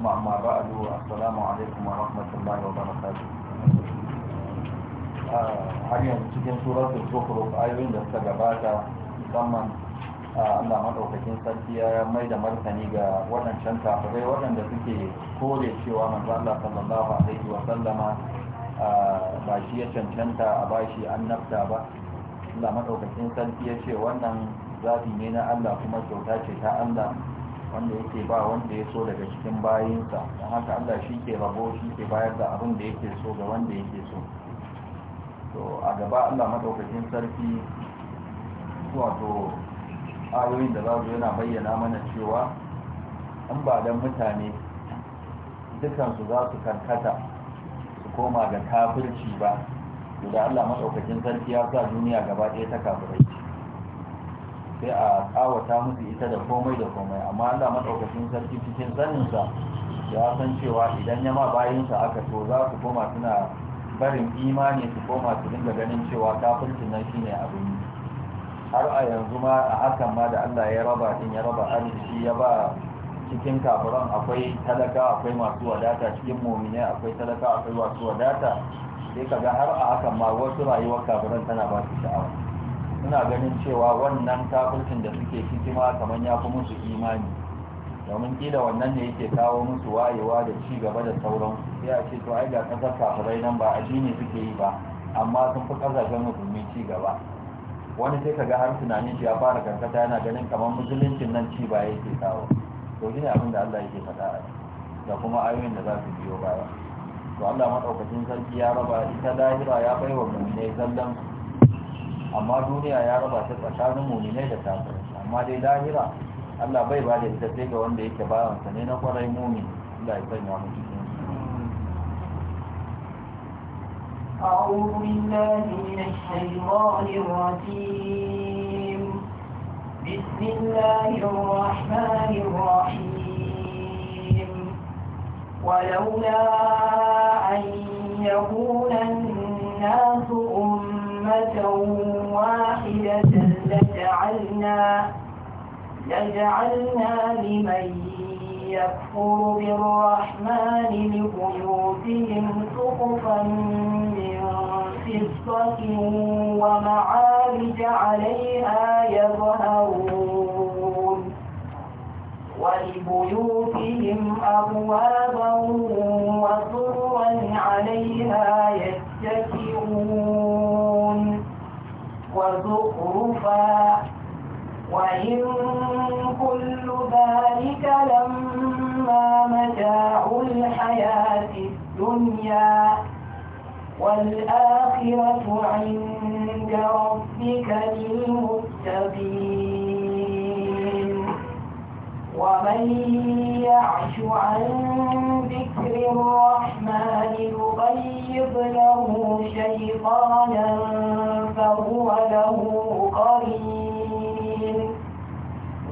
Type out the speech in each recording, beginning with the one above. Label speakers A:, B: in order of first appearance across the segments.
A: ثم أما بعد السلام عليكم ورحمة الله وبركاته har yanzu cikin suratul zukhruf ayoyin da suka gabata musamman Allah maɗaukakin sarki ya mai da martani ga waɗancan kafirai waɗanda suke kore cewa manzo Allah sallallahu alaihi wa sallama ba shi ya cancanta a bashi annabta ba Allah maɗaukakin sarki ya ce wannan zabi ne na Allah kuma kyauta ce ta Allah wanda yake ba wanda ya so daga cikin bayinsa don haka Allah shi ke rabo shi ke bayar da abin da yake so ga wanda yake so to a gaba Allah madaukakin sarki wato ayoyin da zazu yana bayyana mana cewa an ba dan mutane dukansu za su karkata su koma ga kafirci ba to da Allah madaukakin sarki ya sa duniya gaba ɗaya ta kafirci sai a kawata musu ita da komai da komai amma dama daukacin sarki cikin sa ya san cewa idan ya ma bayinsa aka to za su koma suna barin imani su koma su dinga ganin cewa kafircin nan shine abin har a yanzu ma a hakan ma da Allah ya raba din ya raba arziki ya ba cikin kafiran akwai talaka akwai masu wadata cikin mu'minai akwai talaka akwai masu wadata sai kaga har a hakan ma wasu rayuwar kafiran tana ba su sha'awa suna ganin cewa wannan kafirkin da suke hikima kamar ya fi musu imani domin kila wannan ne yake kawo musu wayewa da ci gaba da sauran sai ce to ai ga kasar kafirai nan ba addini suke yi ba amma sun fi kasashen musulmi ci gaba wani sai ga har tunanin shi ya fara karkata yana ganin kamar musuluncin nan ci ba yake kawo to ne abin da Allah yake faɗa da kuma ayoyin da za su biyo baya to Allah madaukakin sarki ya raba ita lahira ya baiwa mu'minai zallan amma duniya ya raba ta tsakanin muminai da kafirai amma dai lahira Allah bai ba da ita sai ga wanda yake bayansa ne na kwarai mumin Allah ya sanya mu cikin
B: أعوذ بالله من الشيطان الرجيم بسم الله الرحمن
C: الرحيم
B: ولولا أن يكون الناس أمة واحدة لجعلنا لجعلنا لمن يكفر بالرحمن لبيوتهم سقفا من فضة ومعارج عليها يظهرون ولبيوتهم أبوابا وسرا عليها يتكئون وزخرفا وإن كل ذلك لما متاع الحياة الدنيا والآخرة عند ربك للمتقين ومن يعش عن ذكر الرحمن يبيض له شيطانا فهو له قرين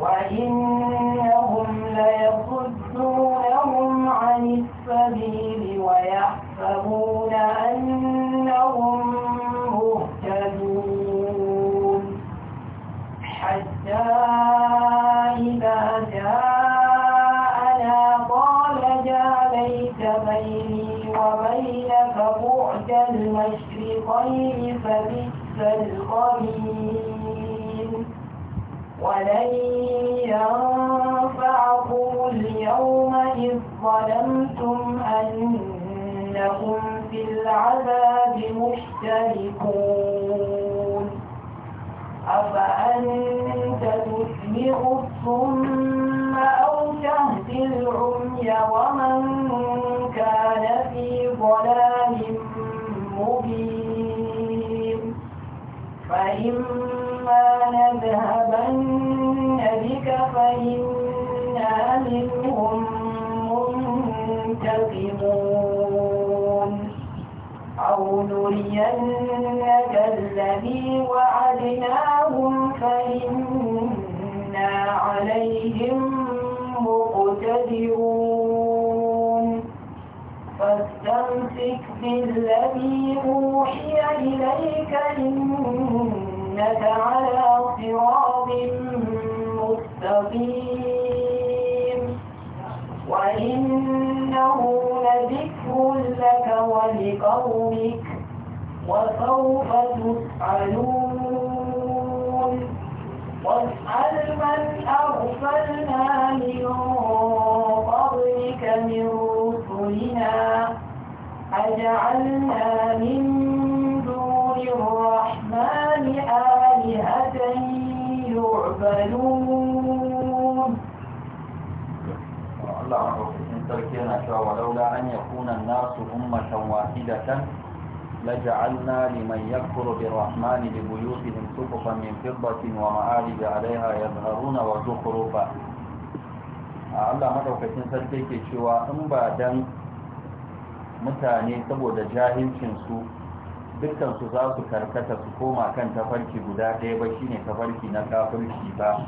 B: وإنهم ليصدونهم عن السبيل ويحسبون أنهم مهتدون حتى إذا جاءنا قال يا بيني وبينك بعد المشرقين الخبير ولن ينفعكم اليوم إذ ظلمتم أنكم في العذاب مشتركون أفأنت تسمع الصم أو تهدي العمي ومن كان في ظلام مبين فإما نذهبن بك فإنا منهم منتقمون أو نرينك الذي وعدناه بالذي أوحي إليك إنك على صراط مستقيم وإنه لذكر لك ولقومك وسوف تسألون واسأل من أرسلنا من قبلك من رسلنا من دون الرحمن آلهة يعبدون
A: ولولا أن يكون الناس أمة واحدة لجعلنا لمن يكفر بالرحمن لبيوتهم سقفا من فضة ومعارج عليها يظهرون وزخرفا الله madaukakin sarki ke cewa شوى ba dan mutane saboda jahilcinsu dukkansu za su karkata su koma kan tafarki guda ɗaya ba shine tafarki na kafirci ba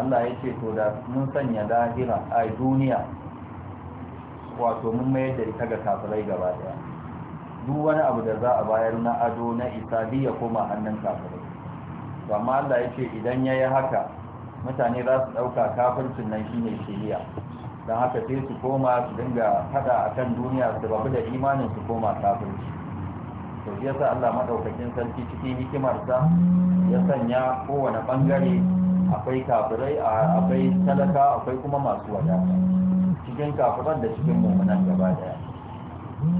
A: Allah ya ce to da mun sanya lahira a duniya wato mun mayar da ita ga kafirai gaba daya duk wani abu da za a bayar na ado na isabi ya koma hannun kafirai to amma Allah ya ce idan ya yi haka mutane za su ɗauka kafircin nan shine shiriya don haka sai su koma su dinga haɗa a kan duniya su babu da imanin su koma kafirci to ya sa Allah madaukakin sarki cikin hikimarsa ya sanya kowane bangare akwai kafirai akwai talaka akwai kuma masu wadata cikin kafiran da cikin mummunan gaba daya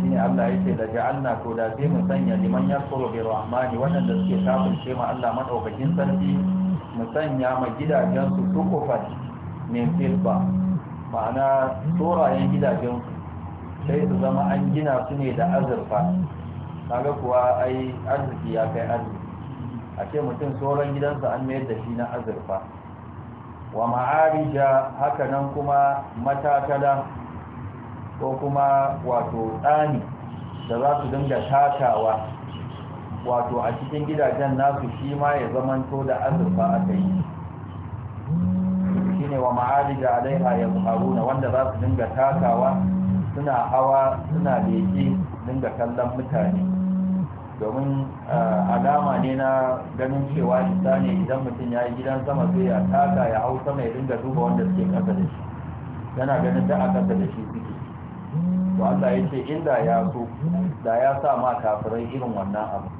A: shine Allah ya ce da Allah ko da sai mu sanya liman yakfuru bi rahmani waɗanda suke kafirce ma Allah madaukakin sarki mu sanya ma gidajen su tukufat min filba ma'ana tsorayen gidajen sai su zama an gina su ne da azurfa kaga kuwa ai arziki ya kai arziki a ce mutum tsoron gidansa an mayar da shi na azurfa wa ma'arija haka nan kuma matakala ko kuma wato tsani da za su dinga tatawa wato a cikin gidajen nasu shi ma ya zamanto da azurfa aka yi shine wa ma'arija alaiha ya zuharuna wanda za su dinga takawa suna hawa suna leke dinga kallon mutane domin alama ne na ganin cewa isa ne idan mutum ya yi gidan sama zai ya taka ya hau sama ya dinga duba wanda suke kasa da shi yana ganin da a kasa da shi suke to ya ce inda ya so da ya sa ma kafirai irin wannan abu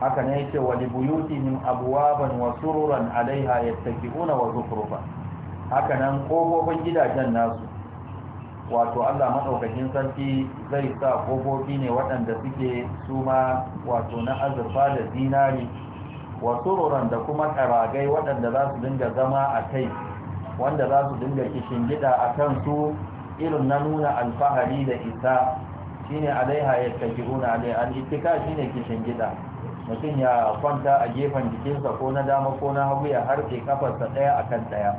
A: haka ne yake wa min abwaban wa sururan alaiha yattaki'una wa zukhrufa haka nan kofofin gidajen nasu wato Allah madaukakin sarki zai sa kofofi ne waɗanda suke suma wato na azurfa da zinari wa sururan da kuma karagai waɗanda za su dinga zama a kai wanda za su dinga gida a kan su irin na nuna alfahari da isa shine alaiha yattaki'una alai al-ittika shine gida. mutum ya kwanta a gefen jikinsa ko na dama ko na hagu ya harfe kafarsa ɗaya a kan ɗaya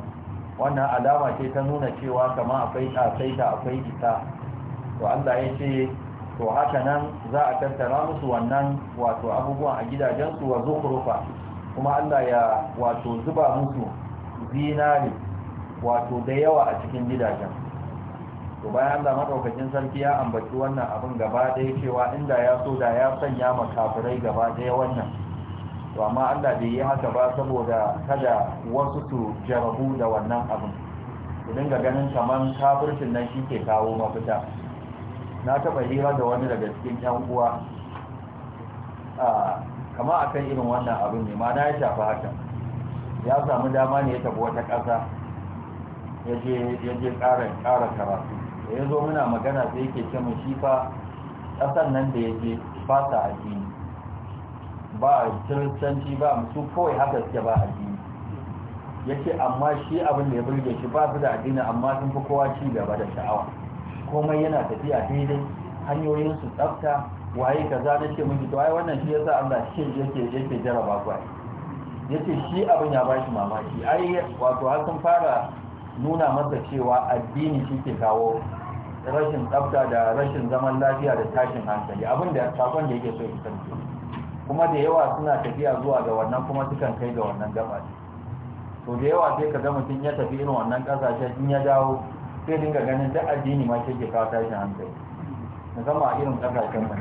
A: wannan alama ce ta nuna cewa kama akwai ƙasaita akwai isa to allah ya ce to haka nan za a tattara musu wannan wato abubuwan a gidajensu wa zukurufa kuma allah ya wato zuba musu zinari wato da yawa a cikin gidajen to bayan Allah madaukakin sarki ya ambaci wannan abin gaba ɗaya cewa inda ya so da ya sanya makafirai gaba ɗaya wannan to amma Allah bai yi haka ba saboda kada wasu su jarabu da wannan abin ku dinga ganin kaman kafircin nan shi kawo mafita na taɓa hira da wani daga cikin yan uwa kama akan irin wannan abin ne ma na ya shafi haka ya samu dama ne ya tafi wata ƙasa ya je ƙara karatu da ya zo muna magana sai yake ce mu shi fa ƙasar nan da ya je ba addini ba a kiristanci ba su kawai haka suke ba addini ya ce amma shi abin da ya burge shi ba su da addini amma sun fi kowa ci gaba da sha'awa komai yana tafiya daidai hanyoyin su tsafta waye za na ce miki to ai wannan shi sa Allah shi yake yake jaraba ku ai yace shi abin ya ba shi mamaki ai wato har sun fara nuna masa cewa addini shi ke kawo rashin tsafta da rashin zaman lafiya da tashin hankali abin da sakon da yake so ya kasance kuma da yawa suna tafiya zuwa ga wannan kuma sukan kai ga wannan gaba to da yawa sai ka ga mutum ya tafi irin wannan kasashe in ya dawo sai dinga ganin duk addini ma ke kawo tashin hankali musamman a irin kasashen mu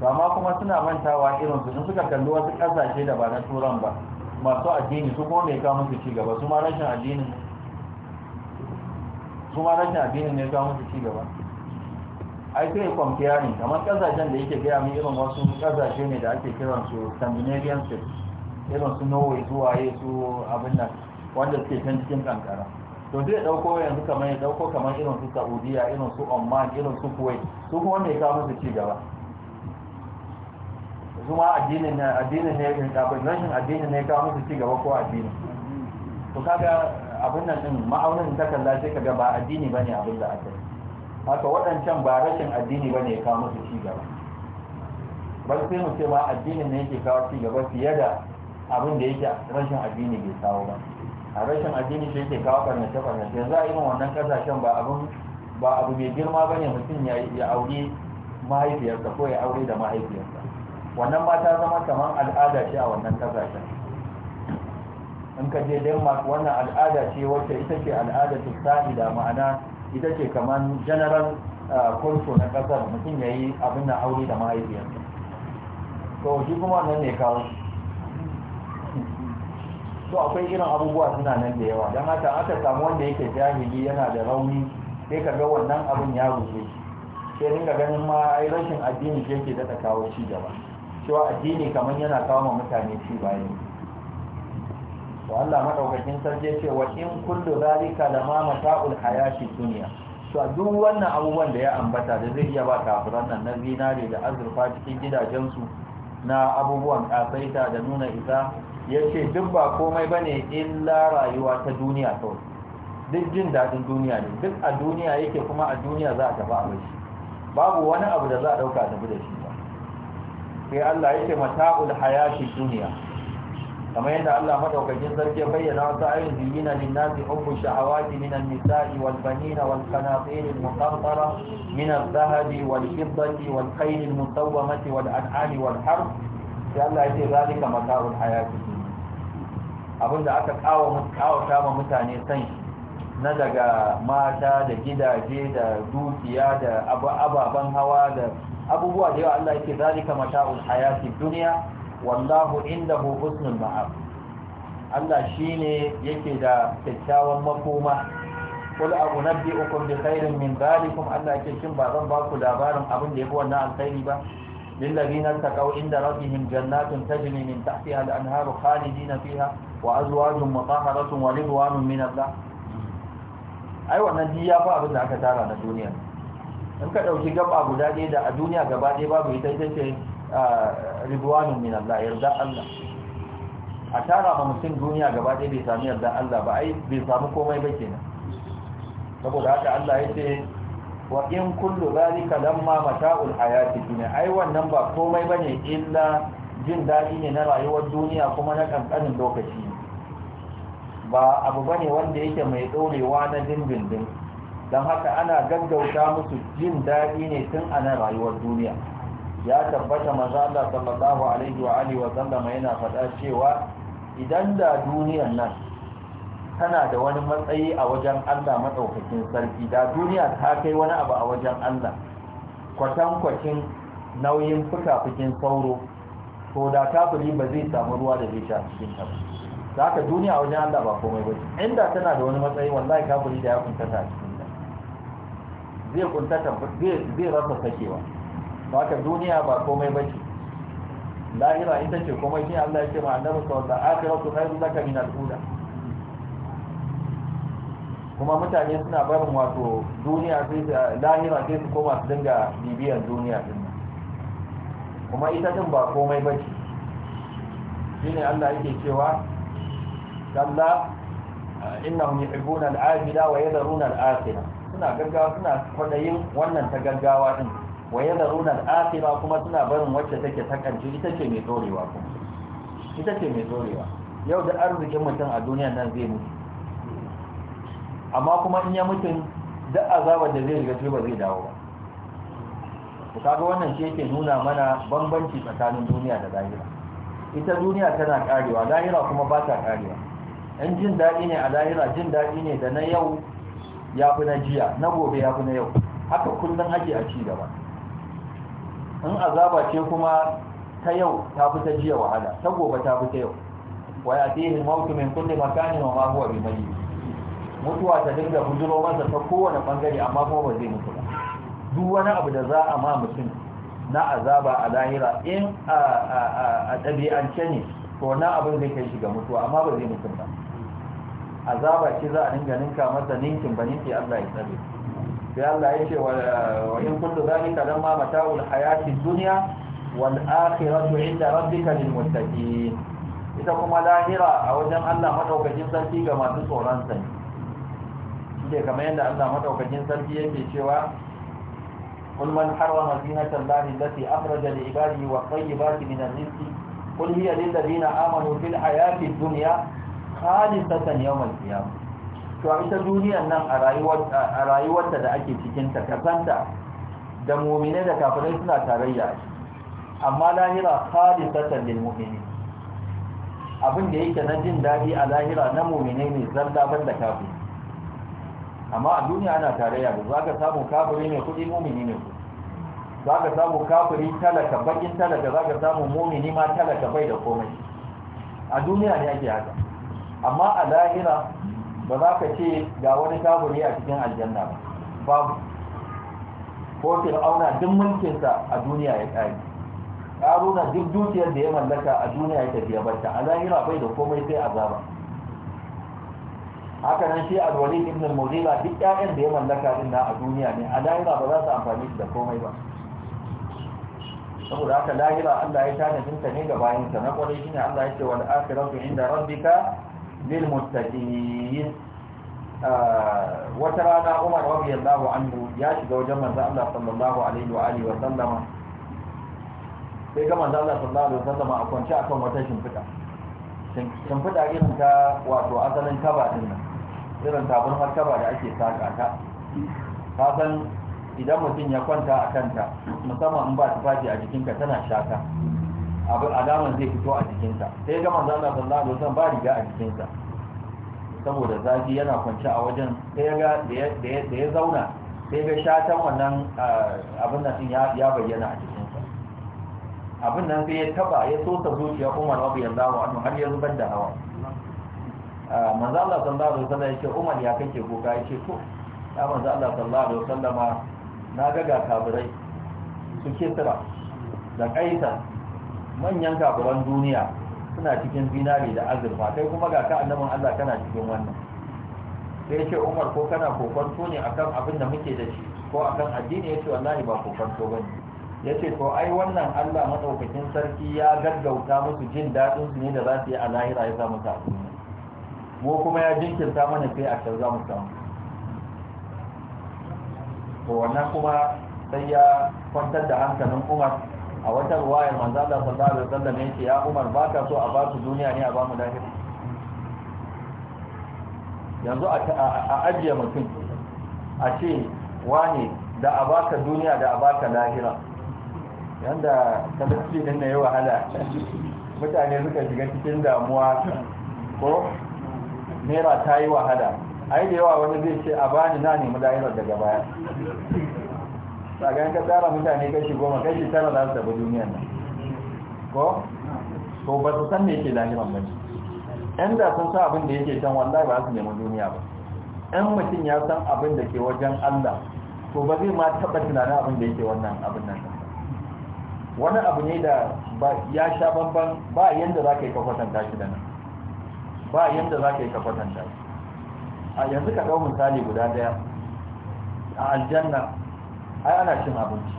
A: to amma kuma suna mantawa irin su in suka kalli wasu kasashe da ba na turan ba masu addini su kuma mai kawo musu ci gaba su ma rashin addinin su ma rashin addinin ne kawo musu cigaba ai sai kwamfiya ne kamar kazajen da yake gaya min irin wasu kazaje ne da ake kiran su scandinavian state irin su norway zuwa waye su abin nan wanda suke can cikin kankara to zai dauko yanzu kamar ya dauko kamar irin su saudiya irin su oman irin su kuwait su kuma wanda ya kawo musu cigaba kuma addinin ne addinin ne rashin addinin ne kawo musu cigaba ko addinin. to kaga abin nan din ma'aunin da kan lafi ka ga ba addini bane abin da aka yi haka waɗancan ba rashin addini bane ya kawo musu ci gaba sai mu ce ba addinin ne yake kawo ci gaba fiye da abin da yake rashin addini bai kawo ba a rashin addini shi yake kawo farnace farnace za a yi wannan kasashen ba abin ba abu mai girma bane mutum ya aure mahaifiyarsa ko ya aure da mahaifiyarsa wannan mata ta zama kamar al'ada ce a wannan kasashen in ka je denmark wannan al'ada ce wacce ita ce al'ada ta sa'ida ma'ana ita ce kamar general kurso uh, na kasar mutum ya yi abin na aure da mahaifiyarsa to shi kuma nan ne kawo to akwai irin abubuwa suna nan da yawa don haka aka samu wanda yake jahili yana da rauni sai ka ga wannan abin ya rufe. sai ringa ganin ma ai rashin addini ke ke daɗa kawo ci gaba cewa addini kamar yana kawo ma mutane ci bayan. to Allah madaukakin sarki ce wa in kullu zalika lama mata'ul hayati dunya to duk wannan abubuwan da ya ambata da zai iya ba kafiran nan na zinare da azurfa cikin gidajensu na abubuwan kafaita da nuna isa yace duk ba komai bane illa rayuwa ta duniya to duk jin dadin duniya ne duk a duniya yake kuma a duniya za a tafi a shi babu wani abu da za a dauka tafi da shi ba sai Allah yake mata'ul hayati dunya kamar yadda Allah madaukakin sarki bayyana wasu ayin zuyina linnasi hubbu shahawati min an-nisa'i wal banina wal qanatir al-muqantara min adh-dhahabi wal fiddati wal khayl al-musawwamati wal an'ami wal harb sai Allah ya ce zalika mata'ul hayati abinda aka kawo kawata ma mutane san na daga mata da gidaje da dukiya da ababen hawa da abubuwa da yawa Allah ya ce zalika mata'ul hayati dunya wallahu indahu husnul ma'ab Allah shine yake da kyakkyawan makoma kul abu nabbi ukum bi khairin min zalikum Allah yake shin ba zan ba ku labarin abin da yafi wannan alkhairi ba lil ladina taqaw inda rabbihim jannatun tajri min tahtiha al-anharu khalidina fiha wa azwajun mutahharatun wa ridwanun min Allah ai wannan ji ya fa abin da aka tara na duniya in ka dauki gaba guda ɗaya da a duniya gaba ɗaya babu ita ita ce ridwanu min Allah yarda Allah a tara ba mutum duniya gaba ɗaya bai sami yarda Allah ba ai bai samu komai ba kenan saboda haka Allah ya ce wa in kullu zalika lamma mata'ul hayati dunya ai wannan ba komai bane illa jin dadi ne na rayuwar duniya kuma na kankanin lokaci ba abu bane wanda yake mai dorewa na dindindin don haka ana gaggauta musu jin dadi ne tun a rayuwar duniya ya tabbata maza Allah sallallahu alaihi wa alihi wa sallam yana faɗa cewa idan da duniyar nan tana da wani matsayi a wajen Allah madaukakin sarki da duniya ta kai wani abu a wajen Allah kwatan kwakin nauyin fuka-fukin sauro to da kafiri ba zai samu ruwa da zai sha cikin ta ba duniya a wajen Allah ba komai ba inda tana da wani matsayi wallahi kafiri da ya kuntata cikin ta zai kuntata zai rasa sakewa haka duniya ba komai ba ce, lahira ita ce komai shi Allah ya ce ma annabi sallallahu alaihi wasallam akhiratu khairu laka min al-ula kuma mutane suna barin wato duniya sai lahira sai su koma su dinga bibiyan duniya din kuma ita din ba komai ba shi shine Allah yake cewa kalla innahum yuhibbuna al-ajila wa yadharuna al-akhirah suna gaggawa suna kwadayin wannan ta gaggawa din wa da zaruna akira kuma suna barin wacce take takanci ita ce mai dorewa kuma ita ce mai dorewa yau da arzikin mutum a duniya nan zai mutu amma kuma in ya mutum duk azabar da zai riga ba zai dawo ba ku kaga wannan shi yake nuna mana bambanci tsakanin duniya da zahira ita duniya tana karewa lahira kuma ba ta karewa in jin daɗi ne a lahira jin daɗi ne da na yau ya fi na jiya na gobe ya fi na yau haka kullum ake a ci gaba in azaba ce kuma ta yau ta fi ta jiya wahala ta gobe ta fi ta yau wa ya tihi mautu min kulli makani wa ma huwa bimayyit mutuwa ta dinga hujuro masa ta kowane bangare amma kuma ba zai mutu ba duk wani abu da za a ma mutum na azaba a lahira in a ɗabi'ance ne to na abin zai kai shiga mutuwa amma ba zai mutum ba azaba ce za a dinga ninka masa ninkin ba ninki Allah ya tsare sai Allah yace wa in kullu zalika lamma mata'ul hayatid dunya wal akhiratu 'inda rabbika lil muttaqin ita kuma lahira a wajen Allah madaukakin sarki ga masu tsoron sa ne kamar yadda Allah madaukakin sarki yake cewa kul man harrama zinata allati allati akhraja li ibadihi wa tayyibati min ar-rizq kul hiya lil ladina amanu fil hayatid dunya khalisatan yawm to ita duniyar nan a rayuwarta da ake cikinta kasanta da mummine da kafirai suna tarayya amma lahira khalisatan lil mu'minin abin da yake na jin dadi a lahira na mu'mine ne zalla ban da kafiri amma a duniya ana tarayya ba zaka samu kafiri ne kudi mu'mini ne zaka samu kafiri talaka bakin talaka zaka samu mu'mini ma talaka bai da komai a duniya ne ake haka amma a lahira ba za ka ce ga wani taburi a cikin aljanna ba babu ko auna duk mulkinsa a duniya ya ƙari ƙaruna duk dukiyar da ya mallaka a duniya ya tafiya barta a lahira bai da komai sai azaba haka nan shi alwali ibn al mudila duk ƴaƴan da ya mallaka din a duniya ne a lahira ba za su amfani da komai ba saboda haka lahira Allah ya tana dinta ne ga bayinsa na kwarai shine Allah ya ce wal akhiratu inda rabbika للمتقين wata rana umar radiyallahu anhu ya shiga wajen manzo Allah sallallahu alaihi wa alihi wa sallama sai ga manzo Allah sallallahu alaihi wa sallama a kwance akan wata shimfida shimfida irin ta wato asalin kaba din nan irin tabun har kaba da ake saka ta ka san idan mutum ya kwanta a kanta musamman in ba tufafi a jikinka tana shaka abu alaman zai fito a jikinsa sai ga manzo Allah sallallahu alaihi wasallam ba riga a jikinsa saboda zafi yana kwance a wajen sai ga da ya zauna sai ga shatan wannan abin nan ya bayyana a jikinsa abin nan sai ya taba ya sosa zuciya Umar radiyallahu anhu har ya zubar da hawa manzo Allah sallallahu alaihi wasallam ce Umar ya kake kuka yace to ya manzo Allah sallallahu alaihi wasallama na ga ga kabirai suke tsira da kaisa manyan kafiran duniya suna cikin zinari da azurfa kai kuma ga ka annaban Allah kana cikin wannan sai ce Umar ko kana kokonto ne akan abin da muke da shi ko akan addini yace wallahi ba kokonto bane yace to ai wannan Allah madaukakin sarki ya gaggauta musu jin daɗin su ne da za su yi a lahira ya samu ta mu kuma ya jinkirta mana sai a can za mu samu to wannan kuma sai ya kwantar da hankalin Umar a wata ruwayar manzo Allah sallallahu alaihi wasallam yake ya Umar baka so a ba su duniya ne a ba mu lahira yanzu a ajiye mutum a ce wane da a baka duniya da a baka lahira yanda tabbaci din ne wahala mutane suka shiga cikin damuwa ko Nera ta yi wahala ai da yawa wani zai ce a bani na nemi lahirar daga baya tsagan ka tsara mutane kashi goma kashi tara za su tafi duniyar nan ko ko ba su san me yake lahiran ba ne yan da sun san abin da yake can wallahi ba su nemi duniya ba yan mutum ya san abin da ke wajen allah to ba zai ma taɓa tunanin abin da yake wannan abin nan wani abu ne da ya sha bamban ba yadda za ka yi kwatanta shi da nan ba yadda za ka yi kwatanta shi a yanzu ka ɗau misali guda ɗaya a aljanna ai ana cin abinci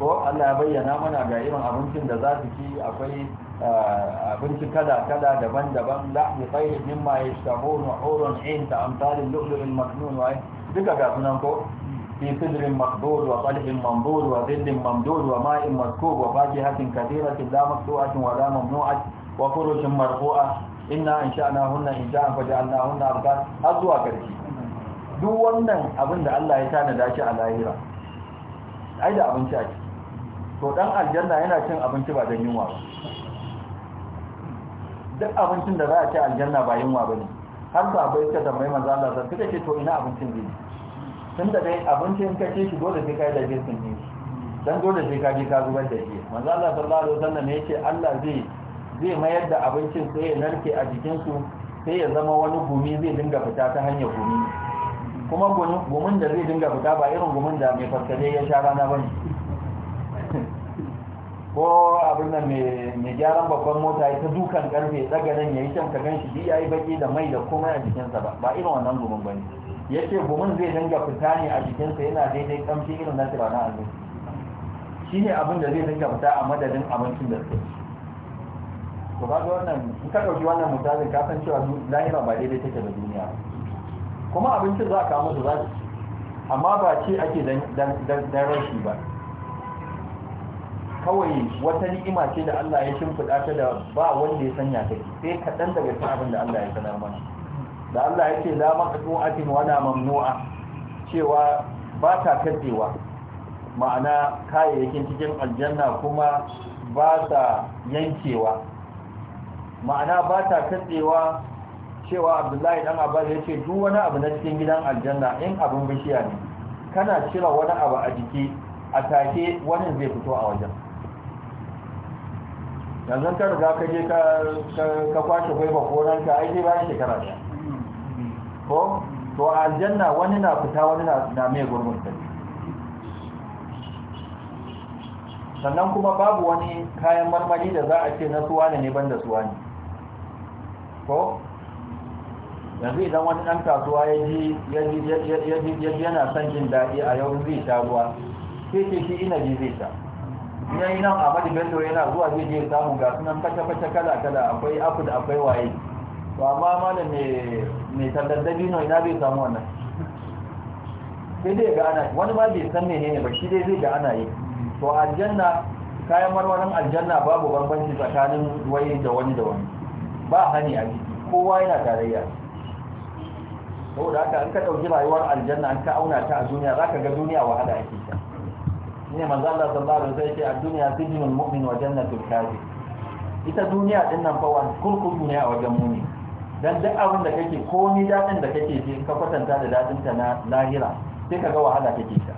A: ko Allah ya bayyana mana ga irin abincin da za su ci akwai eh, abinci kada-kada daban-daban lahmi tsaye mimma ya shaho na horon in ta amsalin lu'lu'in maknun wa duka ga sunan ko fi sidrin makdod wa qalbin mamdod wa zillin mamdod wa ma'in maskub wa fakihatin kathiratin la maqtu'atin wa la mamnu'at wa furushin marfu'a inna ansha'na hunna insha'an faj'alna hunna abkar har zuwa karshe duk wannan abin da Allah ya tanada shi a lahira ai da abinci a ciki to dan aljanna yana cin abinci ba don yunwa ba duk abincin da za a ci aljanna ba yunwa ba ne har ba bai ka tambayi manzo Allah sai suka ce to ina abincin ne tun da dai abincin ka ce shi dole sai kai da sun ne dan dole sai ka ji ka zubar da shi manzo Allah sallallahu alaihi wasallam yace Allah zai zai mayar da abincin sai ya narke a jikin su sai ya zama wani gumi zai dinga fita ta hanyar gumi kuma gumin da zai dinga fita ba irin gumin da mai faskare ya sha rana ba ne ko abin da mai gyaran babban mota ya ta dukan karfe tsagarin ya yi can ka gan shi yi baki da mai da kuma a jikinsa ba ba irin wannan gumin ba ne ya ce gumin zai dinga fita ne a jikinsa yana daidai kamshi irin na tirana na zai shi ne abin da zai dinga fita a madadin abincin da suke to ba wannan in ka ɗauki wannan misalin ka san cewa lahira ba daidai take da duniya ba kuma abincin za a kawo musu za su ci amma ba ce ake dan rashi ba kawai wata ni'ima ce da Allah ya shimfiɗa ta da ba wanda ya sanya ta sai kaɗan daga cikin abin da Allah ya sanar mana da Allah ya ce la maqtu'atin wala mamnu'a cewa ba ta katsewa ma'ana kayayyakin cikin aljanna kuma ba ta yankewa ma'ana ba ta katsewa cewa abdullahi dan abbas ya ce duk wani abu na cikin gidan aljanna in abin bishiya ne kana cire wani abu a jiki a take wani zai fito a wajen yanzu ka riga ka je ka kwashe gwaiba ko nan ka aiki bayan shekara ɗaya ko to a aljanna wani na fita wani na mai gurbin ta sannan kuma babu wani kayan marmari da za a ce na suwa ne ban da suwa ne ko yanzu idan wani ɗan kasuwa ya ji yana son jin daɗi a yau zai sha ruwa sai ce shi ji zai sha ina yi nan amadu bello yana zuwa zai je samu ga sunan fashe-fashe kala-kala akwai da akwai waye to amma mana mai tallar dabino ina zai samu wannan sai dai ga ana wani ma bai san ne ba shi dai zai ga ana yi to aljanna kayan marmarin aljanna babu bambanci tsakanin waye da wani da wani ba hani a kowa yana tarayya saboda haka an ka ɗauki rayuwar aljanna an ka auna ta a duniya za ka ga duniya wahala ake ta ne manzo Allah sallallahu alaihi wasallam ce a duniya sijinul mu'min wa jannatul kafir ita duniya din nan fa wani kurkuku ne a wajen muni dan duk abin da kake komai dadin da kake ji ka kwatanta da dadin ta na lahira sai ka ga wahala kake ta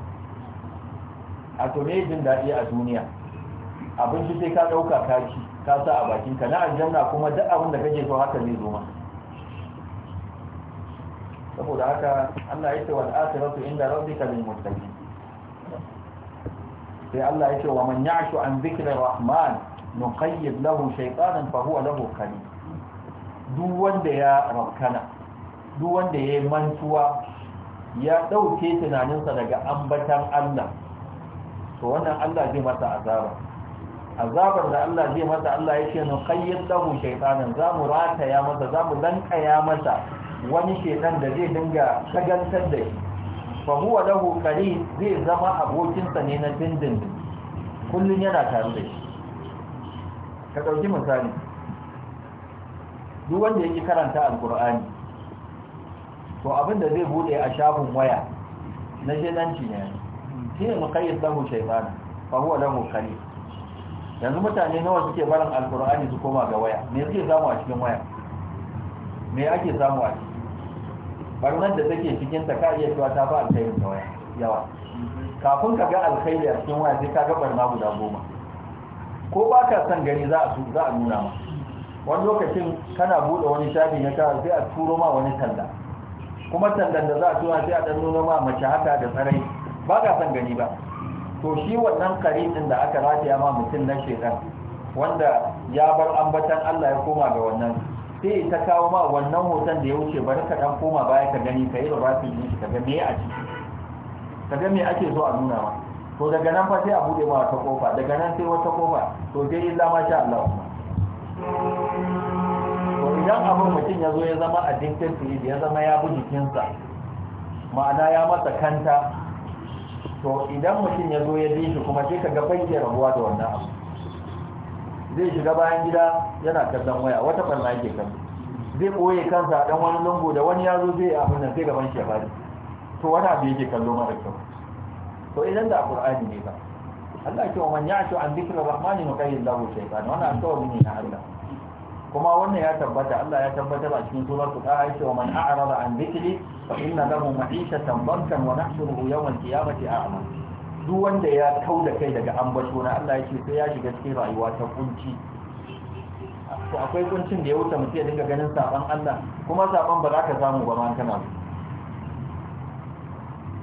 A: a to me jin dadi a duniya abinci sai ka dauka ka ci ka sa a bakin ka na aljanna kuma duk abin da kake so haka zai zo maka saboda haka Allah ya ce wal akhiratu inda rabbika lil muttaqin sai Allah ya ce wa man ya'shu an dhikri rahman nuqayyid lahu shaytanan fa huwa lahu qarin duk wanda ya rabkana duk wanda ya mantuwa ya dauke tunaninsa daga ambatan Allah to wannan Allah zai masa azaba azabar da Allah zai masa Allah ya ce nuqayyid lahu shaytanan za mu rataya masa za mu lankaya masa wani shedan da zai dinga shagantar da shi fa huwa lahu qarin zai zama abokinsa ne na dindin kullun yana tare da shi ka dauki misali duk wanda yake karanta alqur'ani to abinda zai bude a shafin waya na jinanci ne shine muqayyad lahu shaytan fa huwa lahu qarin yanzu mutane nawa suke barin alqur'ani su koma ga waya me suke samu a cikin waya me ake samu a cikin barnar da take cikin ta ka iya cewa ta ba alkhairin ta yawa kafin ka ga alkhairi a cikin waya sai ka ga barna guda goma ko ba ka san gani za a za a nuna ma wani lokacin kana bude wani shafi na kawai sai a turo ma wani talla kuma tallan da za a tura sai a dan nuna ma mace haka da sarai ba ka san gani ba to shi wannan kari ɗin da aka rataya ma mutum na shekan wanda ya bar ambatan Allah ya koma ga wannan sai ta kawo ma wannan hoton da ya wuce bari ka dan koma baya ka gani ka yi rubafin ne ka ga me a ciki ka ga me ake so a nuna ma to daga nan fa sai a bude ma wata kofa daga nan sai wata kofa to sai illa ma sha Allah to idan abin mutum ya zo ya zama addicted to it ya zama ya bi jikinsa ma'ana ya masa kanta to idan mutum ya zo ya bi shi kuma sai ka ga bai rabuwa da wannan abu zai shiga bayan gida yana kallon waya wata barna yake kan zai ɓoye kansa a dan wani lungu da wani yazo zai a hannun sai gaban shi ya fadi to wani abu yake kallo mara kyau to idan da qur'ani ne ba Allah ya ce wa man ya'shu an dhikri rahmani kai lahu shaytan wannan alƙawari ne na Allah kuma wannan ya tabbata Allah ya tabbatar a cikin suratul ta ya ce wa man a'rada an dhikri fa inna lahu ma'ishatan bankan wa nahshuruhu al qiyamati a'ma duk wanda ya kau da kai daga ambato na Allah yake sai ya shiga cikin rayuwa ta kunci to akwai kuncin da ya wuce mutum ya dinga ganin saban Allah kuma saban ba za ka samu ba ma kana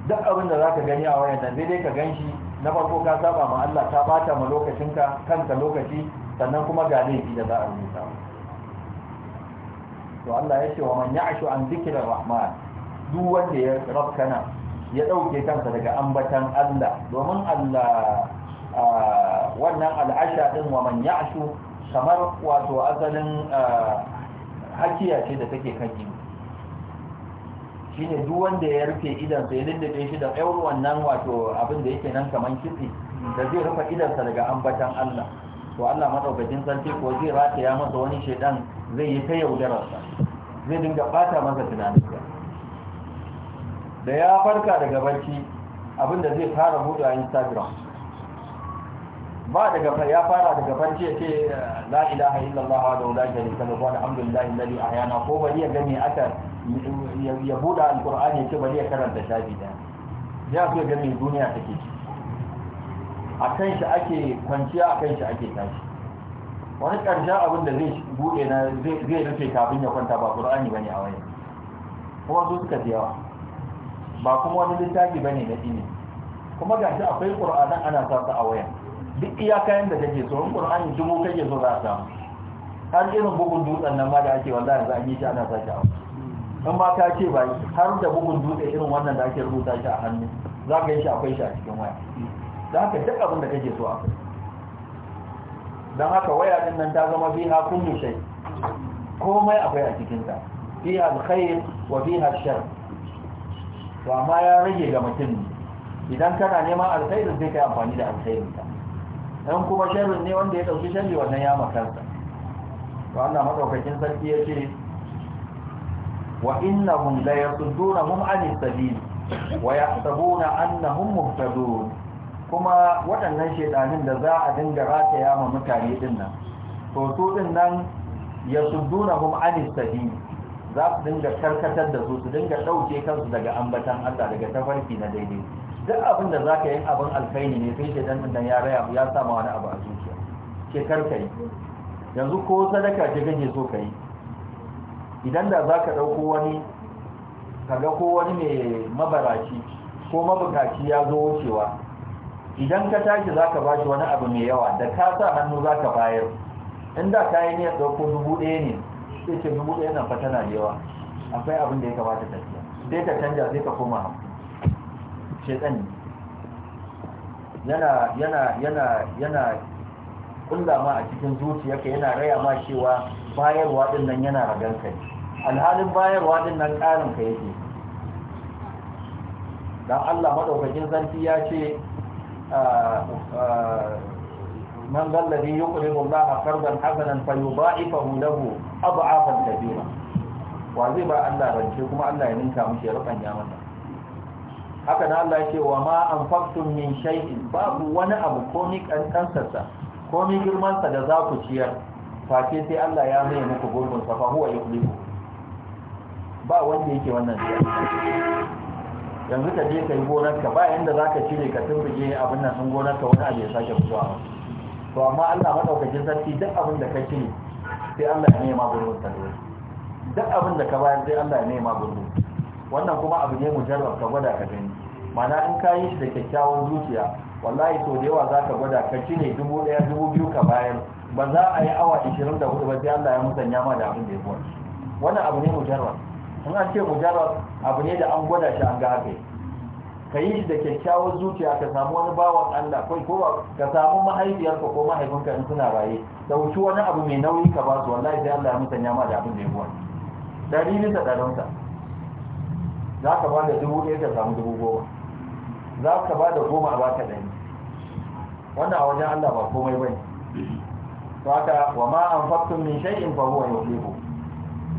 A: duk abin da za ka gani a wayan nan dai ka gan shi na farko ka saba ma Allah ta bata ma lokacinka kanka lokaci sannan kuma ga laifi da za a rubuta to Allah ya ce wa man ya'shu an zikrir rahman duk wanda ya rabkana ya ɗauke kansa daga ambatan Allah domin Allah wannan al'asha din wa man ya'shu kamar wato asalin hakiya ce da take kan shine duk wanda ya rufe idansa ya da shi da ɗaur wannan wato abin da yake nan kaman kitse da zai rufe sa daga ambatan Allah to Allah madaukakin sarki ko zai rataya masa wani shedan zai yi ta yaudararsa zai dinga bata masa tunani da ya farka daga barci abinda zai fara hudu a instagram ba daga ya fara daga barci ya ce la ilaha illallah wa la sharika lahu wa alhamdulillahi alladhi ahyana ko bari ya gani aka ya buɗe alqur'ani ya ce bari ya karanta shafi da ya so ga duniya take a akan shi ake kwanciya kan shi ake tashi wani ƙarshen abin da zai buɗe na zai rufe kafin ya kwanta ba ƙur'ani ba ne a wani kuma su suka ziyawa ba kuma wani littafi bane na dini kuma ga shi akwai qur'anan ana sa a waya duk iya kayan da kake so in qur'ani dubu kake so za ka samu har irin bugun dutsen nan ma da ake wallahi za a yi shi ana sa shi a waya in ma ka ce ba har da bugun dutse irin wannan da ake rubuta shi a hannu za ka yi shi akwai shi a cikin waya da haka duk abin da kake so akwai Dan haka waya din nan ta zama ha kullu shay komai akwai a cikin ta fiha alkhair wa fiha alshar to amma ya rage ga mutum ne idan kana neman alkhairin sai kai amfani da alkhairin ka dan kuma sharrin ne wanda ya dauki sharri wannan ya makarta to Allah madaukakin sarki ya ce wa innahum la yasuddunahum anis sabil wa yahsabuna annahum muhtadun kuma waɗannan shedanin da za a dinga rataya yama mutane dinnan nan to su din nan yasuddunahum anis sabil za su dinga karkatar da su su dinga ɗauke kansu daga ambatan Allah daga tafarki na daidai duk abin da za ka yi abin alkhairi ne sai shaidan nan ya raya ya sama wani abu a zuciya ke karkai yanzu ko sadaka ce gaje so ka yi idan da za ka ɗauko wani kaga ko wani mai mabaraci ko mabukaci ya zo wucewa idan ka tashi za ka bashi wani abu mai yawa da ka sa hannu za ka bayar inda ka yi ne ɗauko dubu ɗaya ne sai ce dubu ɗaya nan tana da yawa akwai abin da ya kamata ta sai ka canja sai ka koma hamsin shaitan yana yana yana yana kulla ma a cikin zuciyarka yana raya ma cewa bayarwa din nan yana ragan kai alhalin bayarwa din nan ƙarin ka yake dan Allah madaukakin zanti ya ce ah, ah, من ذا الذي يقرض الله قرضا حسنا فيضاعفه له اضعافا كثيرا وزي با الله رance kuma Allah ya ninka mishi rukan ya masa haka da Allah yake wa ma anfaqtum min shay'in babu wani abu ko ni kankansarsa ko ni girman sa da za ku ciyar face sai Allah ya mai muku gurbin sa fa huwa yuqlibu ba wanda yake wannan yanzu ka je kai gonar ka ba yanda zaka cire ka tumbuge abin nan gonar ka wani abu ya sake fitowa to amma Allah madaukakin sarki duk abin da kake ne sai Allah ya nema gurbin sa duk abin da ka bayar sai Allah ya nema gurbin wannan kuma abu ne mujarrab ka gwada ka gani mana in ka yi shi da kyakkyawan zuciya wallahi to da yawa za ka gwada ka ne dubu ɗaya dubu biyu ka bayar ba za a yi awa ishirin da hudu ba sai Allah ya musanya ma da abin da ya buwa wannan abu ne mujarrab in an ce mujarrab abu ne da an gwada shi an ga haka yi ka yi da kyakkyawar zuciya ka samu wani bawan Allah kai ko ka samu mahaifiyarka ko mahaifinka in suna raye da wuce wani abu mai nauyi ka ba su wallahi sai Allah ya ya ma da abin da ya buwa dari bisa ɗarinsa za ka ba da dubu ɗaya ka samu dubu goma za ka ba da goma a baka ɗari wannan a wajen Allah ba komai ba ne to haka wa ma an faktun min shay'in fa huwa yuhibbu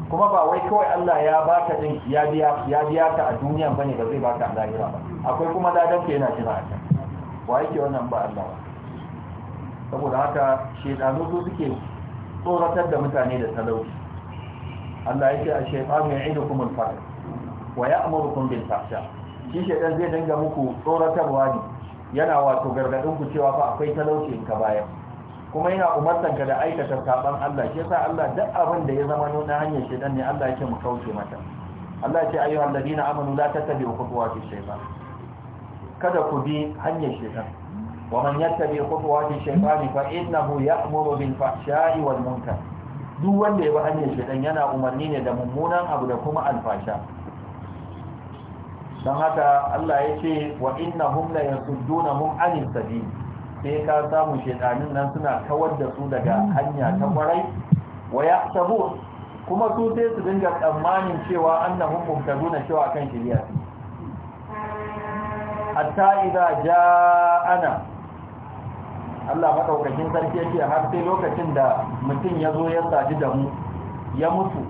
A: kuma ba wai kawai Allah ya baka din ya biya ya biya ka a duniya bane ba zai baka a lahira ba akwai kuma ladan yana jira a can wa yake wannan ba Allah ba saboda haka shedanu su suke tsoratar da mutane da talauci Allah yake a shaytanu ya'idukum mun fara. wa ya kun bil fasha shi shedan zai dinga muku tsoratarwa ne yana wato gargadin ku cewa fa akwai talauci in ka bayar kuma yana umartan ka da aikata saban Allah shi yasa Allah duk abin da ya zama nuna hanyar shedan ne Allah yake mu kauce mata Allah ya ce ayyuhal ladina amanu la tattabi'u khutuwati shaytan kada ku bi hanyar shaitan wa man yattabi khutuwati shaytani mu innahu ya'muru bil fahsha'i wal munkar duk wanda ya bi hanyar shaitan yana umarni ne da mummunan abu da kuma alfasha don haka Allah ya ce wa innahum la mun anil sabil sai ka samu shaidanin nan suna kawar da su daga hanya ta kwarai wa yahsabu kuma su sai su dinga tsammanin cewa an na annahum muhtaduna cewa kan shari'a hatta idza ja'ana Allah madaukakin sarki yake har sai lokacin da mutum yazo ya saji da mu ya mutu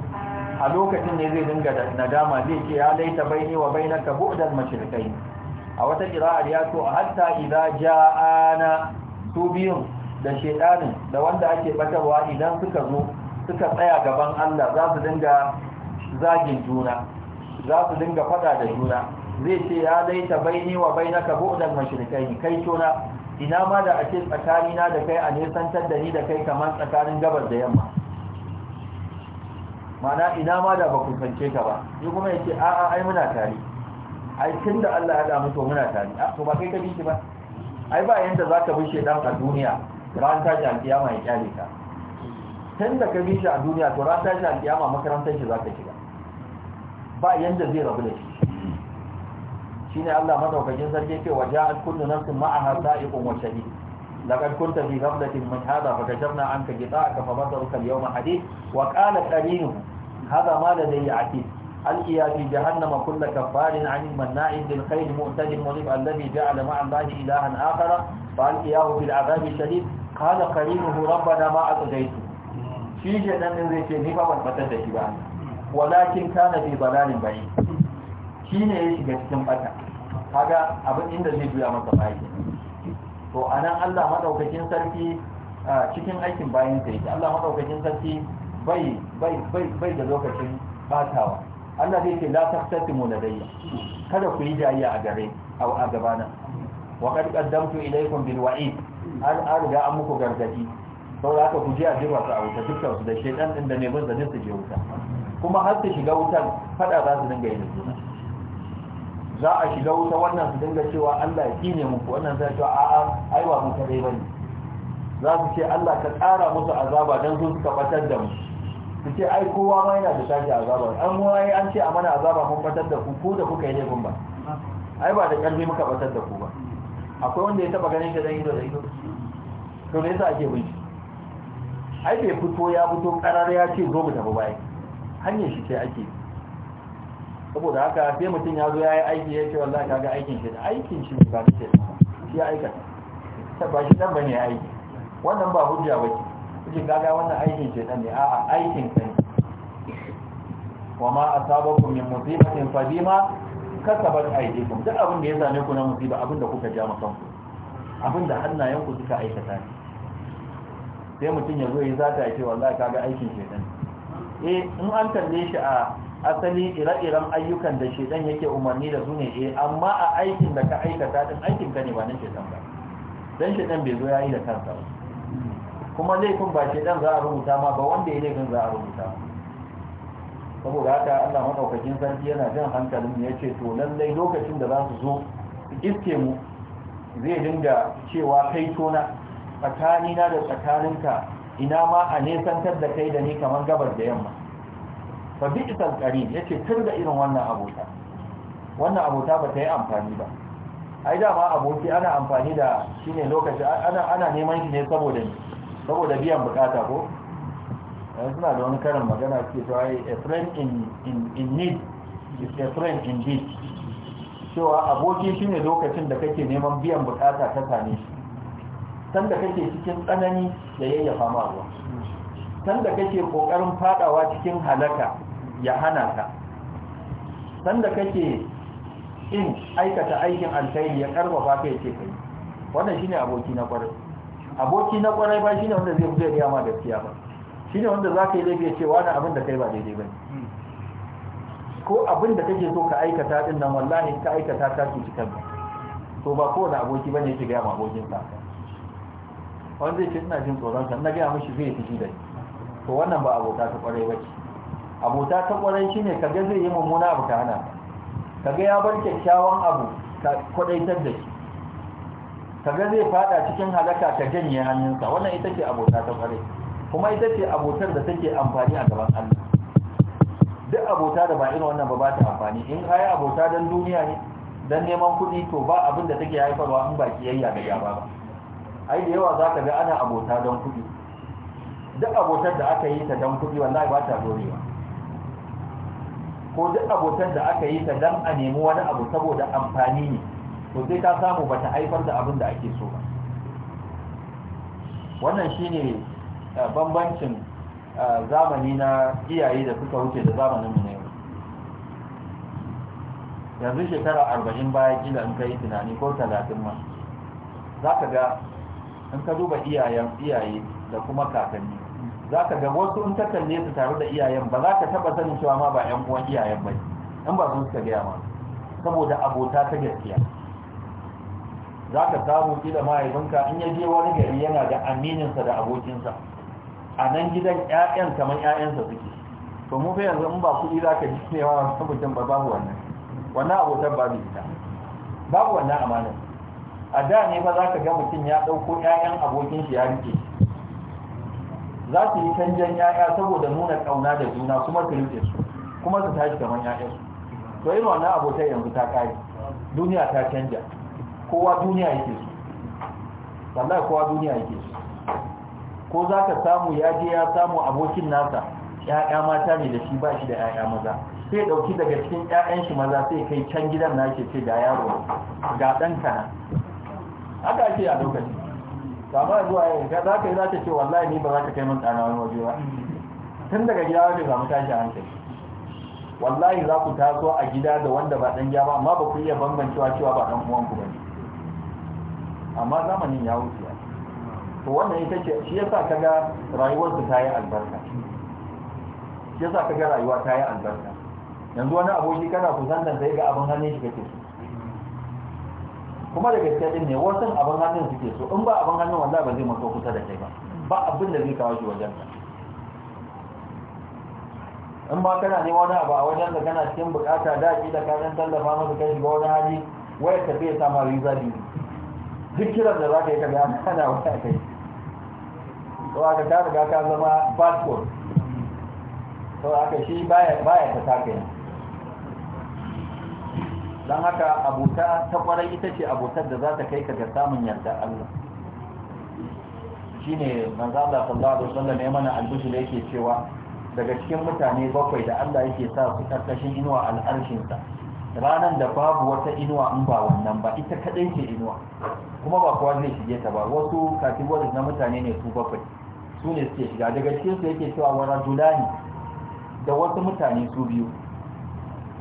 A: a lokacin ne zai dinga nadama zai ce ya laita baini wa bainaka bu'dal mashrikai a wata kira'a ya to hatta idza ja'ana su biyun da shedanin da wanda ake batarwa idan suka zo suka tsaya gaban Allah za su dinga zagin juna za su dinga fada da juna zai ce ya laita baini wa bainaka bu'dan mashriqaini kai tona ina ma da ake tsakani na da kai a nesantar da ni da kai kamar tsakanin gabar da yamma mana ina ma da ba kusance ka ba ni kuma yace a a ai muna tare ai da Allah ya da mu to muna tare a to ba kai ka bishi ba ai ba yanda zaka bi dan a duniya ran ta jan kiyama ya kyale ka da ka bi a duniya to ran ta jan kiyama makarantar shi zaka shiga ba yanda zai rabu da shi shine Allah madaukakin sarki ke waje an kullu nafsin ma'aha sa'iqun wa shahid laqad kunta fi ghaflatin min hadha fa kashafna anka ghita'aka fa basaruka al-yawma hadid wa qala qarinu hadha ma ladayya atid alqiya fi jahannama kull kaffarin 'anil manna'in lil khayr mu'tadin mulib alladhi ja'ala ma'a allahi ilahan akhara fa alqiyahu fil 'adhabi shadid qala qarinuhu rabbana ma atghaytu shi je dan zai ce ni ba ban fatar da shi ba walakin kana bi balalin bayin shi ne ya shiga cikin bata kaga abin inda zai juya masa bayi to nan Allah maɗaukakin sarki cikin aikin bayan ta yake Allah maɗaukakin sarki bai da lokacin batawa Allah zai ce sarki mona dai kada ku yi a gare a gabana wa ƙaddamtu qaddamtu ilaykum bil wa'id an arga an muku gargadi saboda ku ji a jirwa su a wuta dukkan su da ɗan din da ne bin zanin su je wuta kuma har su shiga wutan faɗa za su dinga yin suna. za a shiga wuta wannan su dinga cewa Allah ya kine muku wannan zai cewa a'a ai ba mu kare bane za su ce Allah ka tsara musu azaba dan sun suka batar da mu su ce ai kowa ma yana da tashi azaba an mu ai an ce a mana azaba mun batar da ku ko da kuka yi laifin ba ai ba da karfi muka batar da ku ba akwai wanda ya taba ganin ka dan ido da ido to ne sai ake bin shi ai bai fito ya fito karar ya ce zo mu tafi bai hanyar shi ce ake yi saboda haka sai mutum ya zo ya yi aiki ya ce wallahi kaga aikin shi da aikin shi ba ta ce shi ya aikata ta ba shi dan bane ya aiki wannan ba hujja ba ce kuke kaga wannan aikin shi dan ne a'a aikin ka ne wa ma asabakum min musibatin fadima bima kasabat aydikum duk abin da ya same ku na musiba abin da kuka ja musan kanku abin da hannayen ku suka aikata ne sai mutum ya zo ya zata ya ce wallahi kaga aikin shi dan eh in an kalle shi a asali ire-iren ayyukan da shedan yake umarni da su ne eh amma a aikin da ka aikata din aikin ka ne ba na shedan ba dan shedan bai zo ya yi da kansa ba kuma laifin ba shedan za a rubuta ma ba wanda ya laifin za a rubuta saboda haka Allah madaukakin sarki yana jan hankalin mu ce to lallai lokacin da za su zo iske mu zai dinga cewa kai tona tsakanina da tsakaninka ina ma a nesantar da kai da ni kamar gabar da yamma fa bi isal yace tun da irin wannan abota wannan abota ba ta yi amfani ba ai da ma aboki ana amfani da shine lokaci ana ana neman shi ne saboda saboda biyan bukata ko yanzu suna da wani karin magana ce to ai a friend in in in need is a friend in need cewa aboki shine lokacin da kake neman biyan bukata ta same shi da kake cikin tsanani da yayyafa ma san da kake kokarin fadawa cikin halaka ya hana ka sanda kake in aikata aikin alkhairi ya karfafa ka yace kai wannan shine aboki na kwarai aboki na kwarai ba shine wanda zai fito ya ma gaskiya ba shine wanda zaka yi da ya cewa wani abin da kai ba daidai bane ko abin da kake so ka aikata din nan wallahi ka aikata ta ci kanka to ba kowane aboki bane yake ga abokin sa wanda yake ina jin tsoron sa na ga mishi zai fiji da to wannan ba abota ta kwarai bace abota ta kwarai ne kaga zai yi mummuna abu ta hana kaga ya bar kyakkyawan abu ka kwadaitar da shi kaga zai fada cikin halaka ta janye hannunsa wannan ita ce abota ta kwarai kuma ita ce abotar da take amfani a gaban Allah duk abota da ba irin wannan ba ba ta amfani in kai abota dan duniya ne dan neman kuɗi to ba abin da take haifarwa in ba kiyayya da gaba ba ai da yawa zaka ga ana abota dan kuɗi duk abotar da aka yi ta dan kuɗi wallahi ba ta dorewa ko duk abotan da aka yi ta dan a nemi wani abu saboda amfani ne to sai ka samu ba ta haifar da abin da ake so ba wannan shine eh, bambancin eh, zamani na iyaye da suka wuce da zamanin mu ne yanzu shekara arba'in baya kila in kai tunani ko talatin ma za ka ga in ka duba iyayen iyaye da kuma kakanni za ka ga wasu in ta kalle su tare da iyayen ba za ka taba sanin cewa ma ba yan uwan iyayen ba in ba sun suka gaya ma saboda abota ta gaskiya za ka samu kila mahaifinka in ya je wani gari yana da amininsa da abokinsa a nan gidan ƴaƴan kamar 'ya'yansa suke to mu fa yanzu in ba kuɗi za ka ji cewa wani mutum ba babu wannan wannan abotar ba zai ita babu wannan amana a da ne ba za ka ga mutum ya ɗauko 'ya'yan abokin shi ya rike za su yi canjan yaya saboda nuna kauna da juna kuma su rike su kuma su tashi kamar yayan su to irin wannan abotai yanzu ta kare duniya ta canja kowa duniya yake su wallahi kowa duniya yake su ko za ka samu ya je ya samu abokin nasa ya'ya mata ne da shi ba shi da ya'ya maza sai ɗauki daga cikin ya'yan shi maza sai kai can gidan na ce da yaro ga ɗan kana haka ake a lokacin kama zuwa yau ga za ka yi za ta ce wallahi ni ba za ka kai min tsana wani waje ba tun daga gida wajen samu tashi hankali wallahi za ku taso a gida da wanda ba ɗan gida ba amma ba ku iya bambancewa cewa ba ɗan uwanku ba ne amma zamanin ya wuce to wannan ita ce shi yasa kaga rayuwar su ta yi albarka shi yasa kaga rayuwa ta yi albarka yanzu wani aboki kana kusan nan sai ga abin hannun shi kake so kuma da gaskiya din ne wasu abin hannun suke so in ba abin hannun wallahi ba zai maso kusa da kai ba ba abin da zai kawo shi wajen ka in ba kana ne wani abu a wajen da kana cikin bukata da ake da kayan tallafa masa kai shiga wani hali waya ta fiye sama riza biyu duk kiran da za ka yi ka gana ana waya kai to aka ta riga ka zama passport to aka shi baya ta taka yanzu don haka abuta ta kwarai ita ce abutar da za ta kai ka ga samun yarda Allah shine manzo Allah sallallahu alaihi wasallam ya mana albushi da yake cewa daga cikin mutane bakwai da Allah yake sa su karkashin inuwa al'arshin sa ranan da babu wata inuwa in ba wannan ba ita kadai ce inuwa kuma ba kowa zai shige ta ba wasu categories na mutane ne su bakwai su ne suke shiga daga cikin su yake cewa wa rajulani da wasu mutane su biyu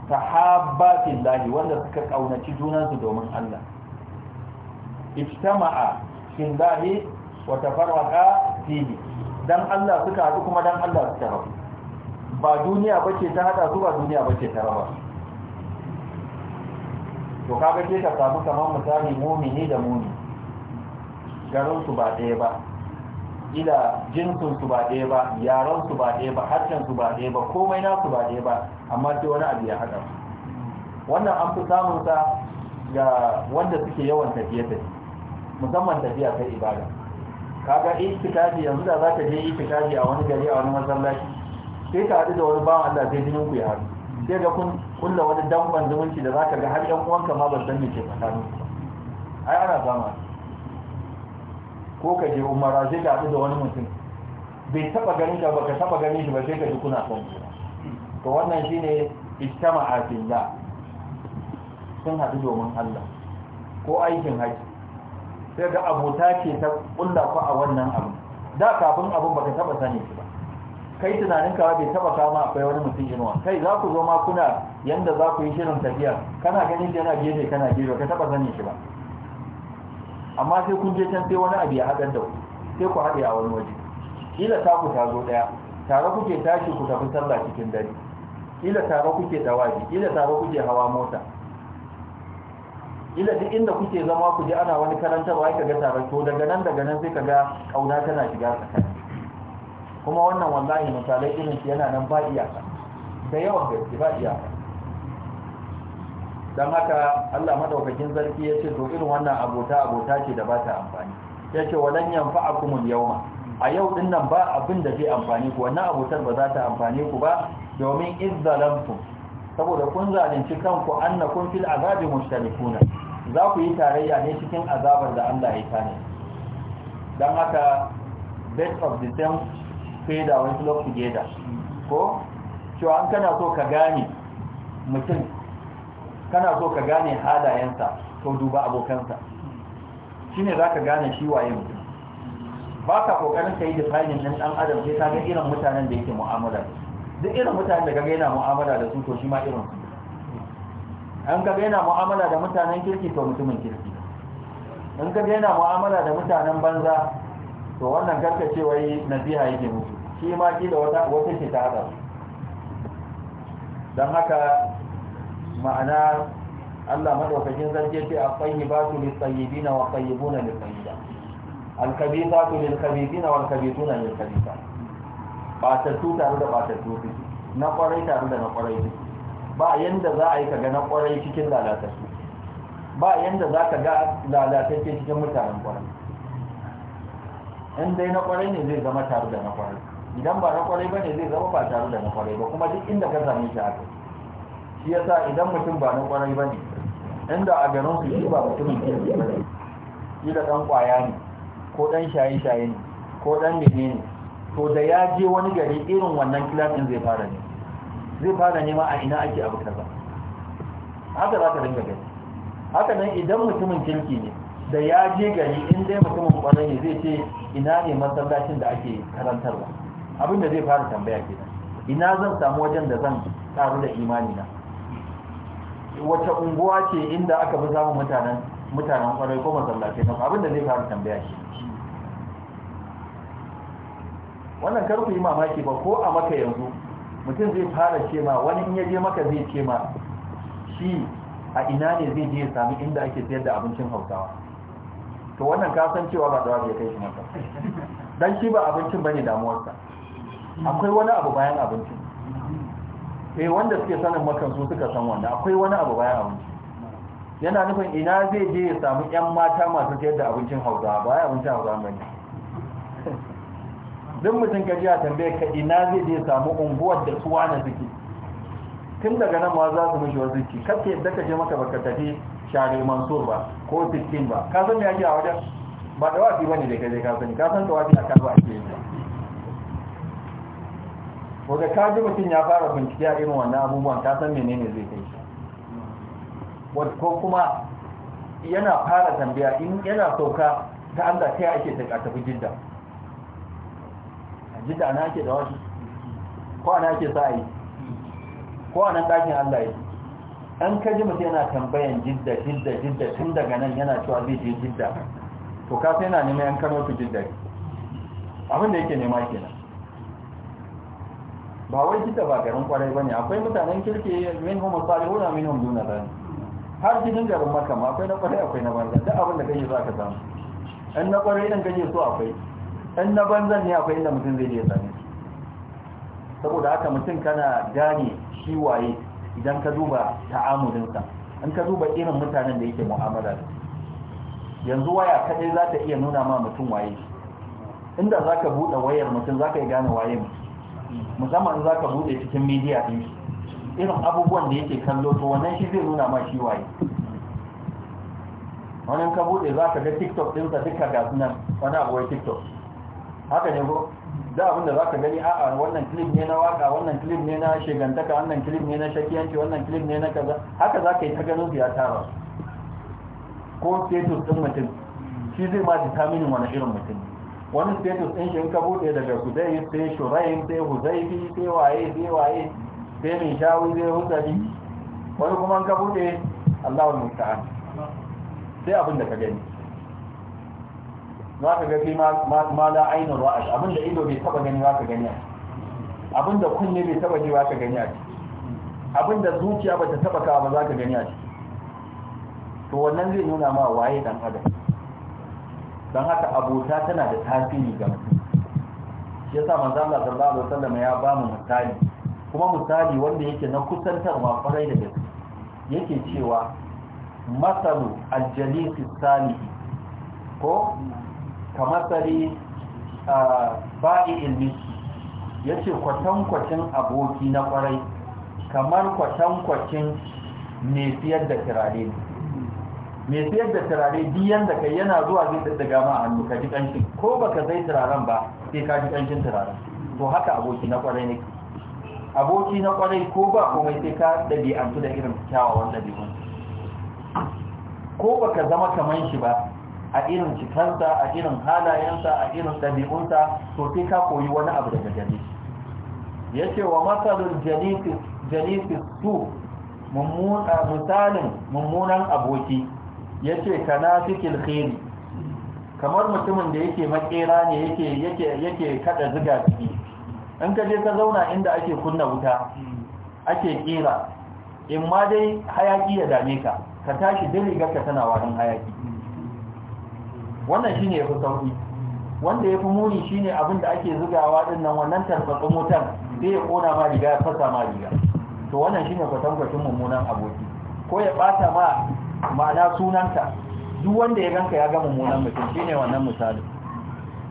A: tahabba fillahi wanda suka kaunaci junansu domin Allah ijtama'a fillahi wa tafarraqa fihi dan Allah suka haɗu kuma dan Allah suka rabu ba duniya bace ta hada su ba duniya bace ta raba to kaga ke ka samu kamar misali mumini da mumi garin su ba ɗaya ba ila jinsun su ba ɗaya ba yaron su ba ɗaya ba harshen su ba ɗaya ba komai na su ba ɗaya ba amma sai wani abu ya haɗa wannan an fi samun sa ga wanda suke yawan tafiye tafi musamman tafiya kai ibada kaga itikafi yanzu da za ka je itikafi a wani gari a wani masallaci sai ka haɗu da wani bawan Allah sai jinin ku ya haɗu sai ga kun kulla wani damban zumunci da za ka ga har yan uwanka ma ba san me ke tsakanin ai ana zama ko ka je umara sai ka haɗu da wani mutum bai taɓa ganin ka baka taɓa ganin shi ba sai ka ji kuna son juna to wannan shi ne shine a fillah sun haɗu domin Allah ko aikin haji sai ga abota ce ta ƙulla ku a wannan abu da kafin abin baka taɓa sani shi ba kai tunanin ka bai taɓa kama akwai wani mutum inuwa kai za ku zo ma kuna yanda za ku yi shirin tafiya kana ganin shi yana gefe kana gefe ka taɓa sani shi ba amma sai kun je can sai wani abu ya haɗa da ku sai ku haɗe a wani waje kila ta ku tazo ɗaya tare kuke tashi ku tafi sallah cikin dare kila tare kuke dawaji kila tare kuke hawa mota kila duk inda kuke zama ku je ana wani karantarwa ka ga tare to daga nan daga nan sai ka ga kauna tana shiga tsakani kuma wannan wallahi misalai irin yana nan ba iyaka da yawan gaske ba iyaka don haka Allah madaukakin sarki ya ce to irin wannan abota abota ce da ba ta amfani ya ce walan yanfa akumul yauma a yau din nan ba abin da zai amfani ku wannan abotar ba za ta amfani ku ba domin izzalamtum saboda kun zalunci kanku kun fil azabi mushtarikuna za ku yi tarayya ne cikin azabar da Allah ya tane don haka best of the same da wani flock together ko cewa an kana so ka gane mutum kana so ka gane halayensa to duba abokansa shi ne za ka gane shi waye mutum ba ka kokarin ka yi defining ɗin ɗan adam sai ka ga irin mutanen da yake mu'amala duk irin mutanen da ga yana mu'amala da su to shi ma irin su an ga yana mu'amala da mutanen kirki to mutumin kirki in ga yana mu'amala da mutanen banza to wannan karka ce wai nasiha yake mutu shi ma kila wata wata ce ta haɗa don haka ma'ana Allah madaukakin zance ce a ba lil tayyibina wa tayyibuna lil tayyiba al kabithatu lil su wal kabithuna lil kabitha ba ta tu tare da ba ta tu na kwarai tare da na kwarai ba yanda za a yi kaga na kwarai cikin lalatattu ba yanda za ka ga lalatacce cikin mutanen kwarai in dai na kwarai ne zai zama tare da na kwarai idan ba na kwarai ba ne zai zama ba tare da na kwarai ba kuma duk inda ka zame shi a kai shi yasa idan mutum ba na kwarai ba ne inda a garin su shi ba mutumin ke ne shi da ɗan ƙwaya ne ko ɗan shaye-shaye ne ko ɗan mene ne to da ya je wani gari irin wannan kilas ɗin zai fara ne zai fara nema a ina ake abu kaza haka za ka dinga gani haka nan idan mutumin kirki ne da ya je gari in dai mutumin kwarai ne zai ce ina ne masallacin da ake karantarwa abin da zai fara tambaya kenan ina zan samu wajen da zan karu da imani na wata unguwa ce inda aka bi samun mutanen mutanen kwarai ko masallaci na abin da zai fara tambaya shi wannan kar yi mamaki ba ko a maka yanzu mutum zai fara ce ma wani in ya je maka zai ce ma shi a ina ne zai je sami inda ake sayar da abincin hausawa to wannan ka san cewa ba dawa zai kai shi maka dan shi ba abincin bane damuwarsa akwai wani abu bayan abincin eh wanda suke sanin makan su suka san wanda, akwai wani abu bayan abinci yana nufin ina zai je ya samu yan mata masu sayar da abincin hausa baya abincin hausa bane duk mutum ka ji a tambaye ka ina zai je ya samu unguwar da su wani suke tun daga nan ma za su mishi wasu ci kake da ka je maka baka tafi share mansur ba ko 16 ba ka san me ake a wajen ba da wafi bane da kai ka sani ka san wafi a kalba ake yi ko da ka ji mutum ya fara bincike a irin wannan abubuwan ka san menene zai kai shi ko kuma yana fara tambaya in yana sauka ta Allah sai ake ta tafi jidda jidda ana ake da wasu ko ana ake sa yi ko ana ɗakin Allah yi an ji mutum yana tambayan jidda jidda jidda tun daga nan yana cewa zai je jidda to ka sai na neman yan kano su jidda abin da yake nema kenan ba wai kita ba garin kwarai bane akwai mutanen kirki min hum salihun min hum duna zani har cikin garin maka ma akwai na kwarai akwai na banza duk abin da kake za ka samu in na kwarai din kake so akwai in na banzan ne akwai inda mutum zai je sani saboda haka mutum kana gane shi waye idan ka duba ta'amulinsa in ka duba irin mutanen da yake mu'amala da yanzu waya kadai za ta iya nuna ma mutum waye inda za ka buɗe wayar mutum za ka gane waye mutum musamman za ka bude cikin media din shi irin abubuwan da yake kallo to wannan shi zai nuna ma shi waye wani ka bude za ka ga tiktok ɗinsa duka ga sunan wani abuwai tiktok haka ne ko da abinda za ka gani a'a wannan clip ne na waka wannan clip ne na shegantaka wannan clip ne na shakiyanci wannan clip ne na kaza haka za ka yi ta ganin su ya tara ko status ɗin mutum shi zai ma determinin wani irin mutum ne wani status ɗin shi in ka buɗe daga kudai sai shurayin sai huzaifi sai waye sai waye sai mai shawi sai huzari wani kuma in ka buɗe allahu musta'an sai abin da ka gani za ka ga fi ma la ainihin ra'ash abin da ido bai taba gani za ka gani a abin da kunne bai taba ji za ka gani a abin da zuciya ba ta taba ka ba za ka gani a to wannan zai nuna ma waye dan adam don haka abota tana da tasiri ga mutum shi yasa manzo Allah sallallahu alaihi wasallam ya ba mu misali kuma misali wanda yake na kusantarwa kwarai da gaske yake cewa masalu aljalisi salih ko kamasari ba'i ilmi ya ce kwatankwacin aboki na kwarai kamar kwatankwacin mai fiyar da kirare ne mai siyar da turare biyan da kai yana zuwa zai daga ma hannu ka ji kanshin ko baka zai turaren ba sai ka ji kanshin turaren to haka aboki na kwarai nake aboki na kwarai ko ba komai sai ka ɗabi'antu da irin kyawawan ɗabi'un ko baka zama kaman shi ba a irin cikarsa a irin halayensa a irin ɗabi'unsa to sai ka koyi wani abu daga gare shi ya ce wa matsalin janisis su misalin mummunan aboki yace kanafikil khili kamar mutumin da yake makera ne yake yake yake kada ziga ciki in ka je ka zauna inda ake kunna wuta ake kira in ma dai hayaki ya dame ka ka tashi dare ga ka tana warin hayaki wannan shine yafi sauki wanda yafi muni shine abin da ake zugawa din nan wannan tarbatsun wutan sai ya kona ma riga ya fasa ma riga to wannan shine kwatankwacin mummunan aboki ko ya bata ma ma'ana sunanta. duk wanda ya ganka ya ga mummunan mutum shine wannan misali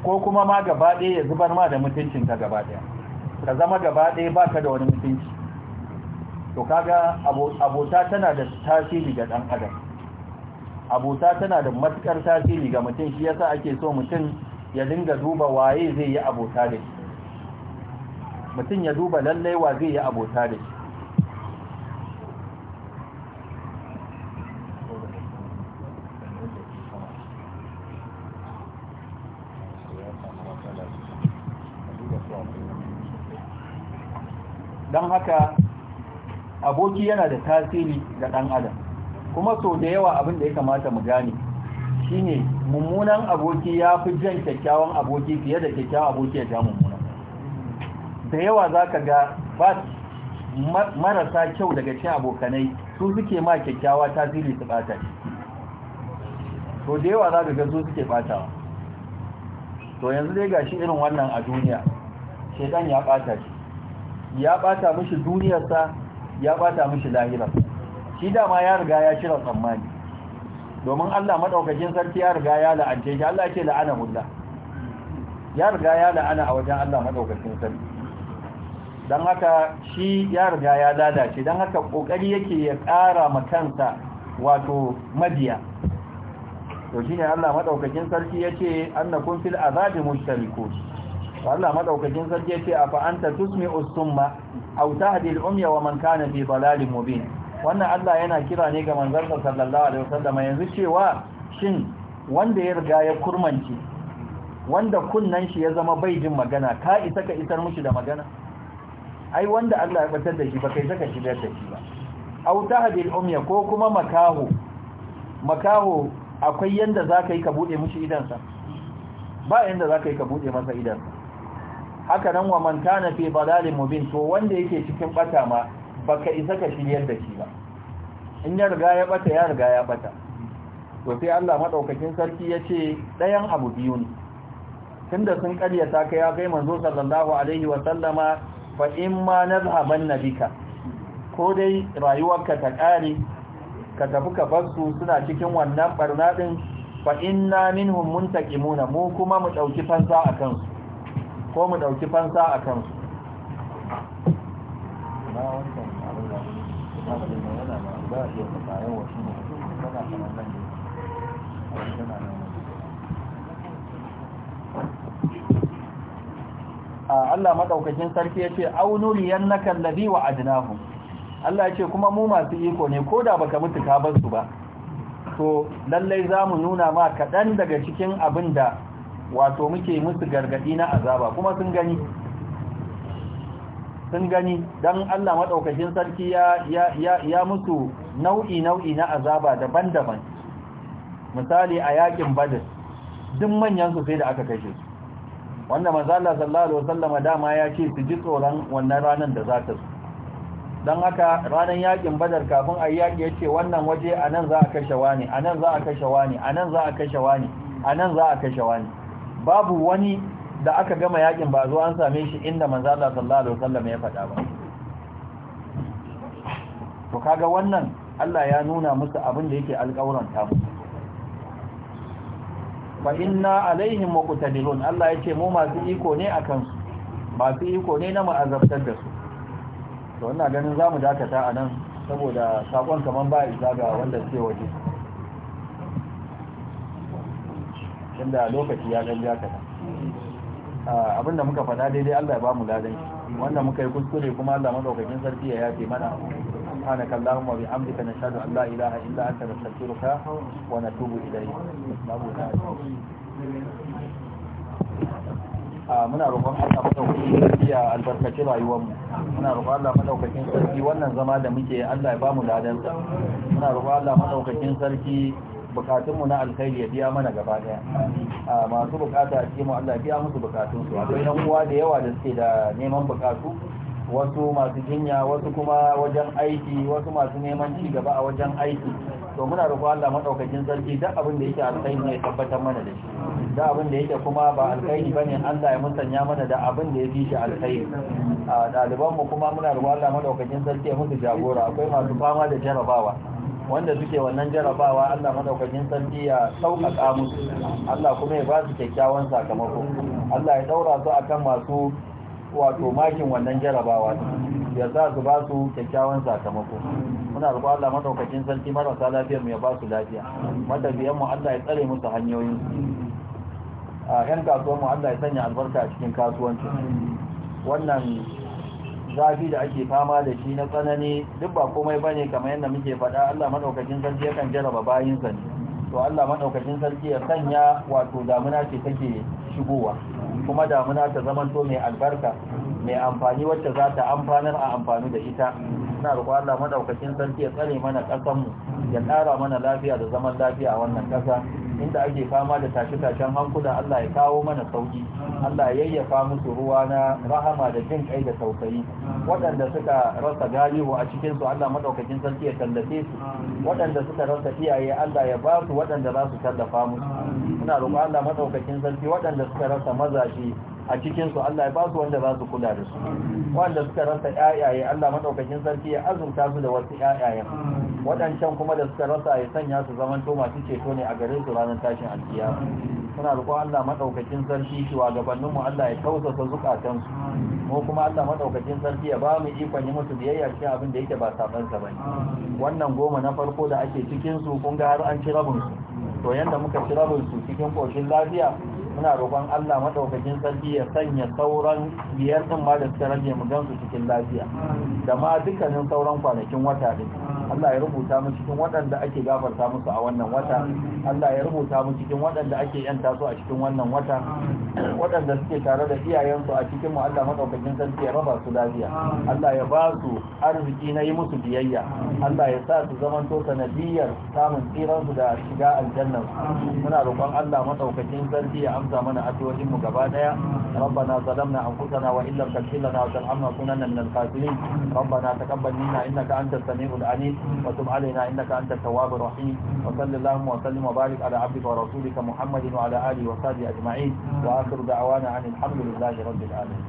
A: ko kuma ma gaba ɗaya ya zubar ma da mutuncin ta gaba ɗaya ka zama gaba ɗaya baka da wani mutunci to kaga abota tana da tasiri ga ɗan adam abota tana da matukar tasiri ga mutum shi yasa ake so mutum ya dinga duba waye zai yi abota da shi mutum ya duba lallai wa zai yi abota da shi don haka aboki yana da tasiri ga ɗan adam kuma so da yawa abin da ya kamata mu gane shi ne mummunan aboki ya fi jan kyakkyawan aboki fiye da kyakkyawan aboki ya ja mummunan da yawa za ka ga ba marasa kyau daga cin abokanai su suke ma kyakkyawa tasiri su ɓata shi? so da yawa za ka ga su suke ɓatawa to yanzu dai ga shi irin wannan a duniya shekan ya ɓata shi ya bata mishi duniyarsa ya bata mishi lahira shi dama ya riga ya shirya tsammani domin Allah madaukakin sarki ya riga ya la'ance shi Allah yake la'ana hulla ya riga ya la'ana a wajen Allah madaukakin sarki dan haka shi ya riga ya lalace dan haka kokari yake ya ƙara makansa wato madiya to shine Allah madaukakin sarki yace annakum fil azabi mushtarikun Allah madaukakin sarki yace afa anta tusmi'u summa aw tahdi al-umya wa man kana fi dalalin mubin wannan Allah yana kira ne ga manzon sallallahu alaihi wasallam yanzu cewa shin wanda ya riga ya kurmanci wanda kunnan shi ya zama bai jin magana ka isa ka isar mushi da magana ai wanda Allah ya batar da shi ba kai saka shigar da shi ba aw tahdi al-umya ko kuma makaho makaho akwai yanda zaka yi ka bude mushi idansa ba yanda zaka yi ka bude masa idansa haka nan wa man kana fi dalalin mubin to wanda yake cikin bata ma baka isa ka shiryar da shi ba in ya riga ya bata ya riga ya bata to sai Allah madaukakin sarki yace dayan abu biyu ne tunda sun karyata kai ya kai manzo sallallahu alaihi wa sallama fa imma nazhaban nabika ko dai rayuwarka ta kare ka tafi ka basu suna cikin wannan barna din fa inna minhum muntakimuna mu kuma mu dauki fansa akan su ko mu ɗauki fansa a kansu Allah maɗaukakin sarki ya ce yan na kallabi wa adinahu Allah ya ce kuma mu masu iko ne ko da baka mutu ka su ba to lallai za mu nuna ma kaɗan daga cikin abin da wato muke musu gargadi na azaba kuma sun gani sun gani dan Allah madaukakin sarki ya ya ya musu nau'i nau'i na azaba daban-daban misali a yakin badr duk manyan su sai da aka kashe su wanda manzo Allah sallallahu alaihi wasallam dama ya ce su ji tsoron wannan ranan da za ta zo dan haka ranan yakin badar kafin a yaki yace wannan waje anan za a kashe wani anan za a kashe wani anan za a kashe wani anan za a kashe wani babu wani da aka gama yakin ba zo an same shi inda manzo Allah sallallahu alaihi wasallam ya faɗa ba to kaga wannan Allah ya nuna musu abin da yake alƙawuran ta musu fa inna alaihim muqtadirun Allah yace mu masu iko ne akan su masu iko ne na ma'azabtar da su to ina ganin zamu dakata anan saboda sakon kaman ba isa ga wanda ke waje inda lokaci ya ɗan jaka abinda muka faɗa daidai Allah ya ba mu ladan wanda muka yi kuskure kuma Allah madaukakin sarki ya yafe mana سبحانك اللهم وبحمدك نشهد أن لا إله إلا wa نستغفرك ونتوب a muna roƙon Allah madaukakin sarki ya albarkaci mu. muna roƙon Allah madaukakin sarki wannan zama da muke Allah ya bamu ladan sa muna roƙon Allah madaukakin sarki bukatunmu na alkhairi ya biya mana gaba daya masu bukata a cikin Allah biya musu bukatunsu akwai yan uwa da yawa da suke da neman bukatu wasu masu jinya wasu kuma wajen aiki wasu masu neman ci gaba a wajen aiki to muna roƙo Allah madaukakin sarki duk abin da yake alkhairi ne ya tabbatar mana da shi duk abin da yake kuma ba alkhairi bane Allah ya musanya mana da abin da yake shi alkhairi a daliban mu kuma muna roƙo Allah madaukakin sarki ya musu jagora akwai masu fama da jarabawa wanda suke wannan jarabawa Allah madaukakin sarki ya sauƙaƙa musu Allah kuma ya ba su kyakkyawan sakamako Allah ya daura su akan masu wato makin wannan jarabawa ya sa su ba su kyakkyawan sakamako muna roƙon Allah madaukakin sarki marasa lafiyar mu ya ba su lafiya matafiyan mu Allah ya tsare musu hanyoyin a yan kasuwan mu Allah ya sanya albarka a cikin kasuwancin wannan zafi da ake fama da shi na tsanani duk ba komai bane kamar yadda muke faɗa Allah madaukakin sarki ya yakan jaraba bayin sa to Allah madaukakin sarki ya sanya wato damuna ce take shigowa kuma damuna ta zama to mai albarka mai amfani wacce za ta amfanar a amfani da ita na roƙo Allah madaukakin sarki ya tsare mana ƙasar mu ya ƙara mana lafiya da zaman lafiya a wannan ƙasa inda ake fama da tashi-tashen hankula Allah ya kawo mana sauki Allah ya yayyafa musu ruwa na rahama da jin kai da tausayi waɗanda suka rasa galihu a cikin su Allah madaukakin sarki ya tallafe su waɗanda suka rasa iyaye Allah ya ba su waɗanda za su tallafa musu ina roƙo Allah madaukakin sarki waɗanda suka rasa mazaje a cikinsu Allah ya ba su wanda za su kula da su wanda suka rasa ƴaƴaye Allah madaukakin sarki ya azurta su da wasu ƴaƴaye waɗancan kuma da suka rasa ya sanya su zaman to masu ceto ne a gare su ranar tashin Suna da kuma Allah madaukakin sarki gabanin mu Allah ya tausasa zukatan su mu kuma Allah madaukakin sarki ya ba mu ikon yi musu biyayya cikin abin da yake ba saban sa bane wannan goma na farko da ake cikin su kun ga har an ci rabin su to yanda muka ci rabin su cikin koshin lafiya muna roƙon Allah maɗaukakin sarki ya sanya sauran biyar ɗin ma da suka rage mu gansu cikin lafiya da ma dukkanin sauran kwanakin wata ne. Allah ya rubuta mu cikin waɗanda ake gafarta musu a wannan wata Allah ya rubuta mu cikin waɗanda ake yanta su a cikin wannan wata waɗanda suke tare da iyayensu a cikin mu Allah maɗaukakin sarki ya raba su lafiya Allah ya ba su arziki na yi musu biyayya Allah ya sa su zaman to sanadiyar samun tsiransu da shiga aljanna muna roƙon Allah maɗaukakin sarki ya amsa mana addu'o'in mu gaba ربنا ظلمنا انفسنا وان لم تغفر وترحمنا لنكونن من القاتلين ربنا تقبل منا انك انت السميع العليم وتب علينا انك انت التواب الرحيم وصل اللهم وسلم وبارك على عبدك ورسولك محمد وعلى اله وصحبه اجمعين واخر دعوانا عن الحمد لله رب العالمين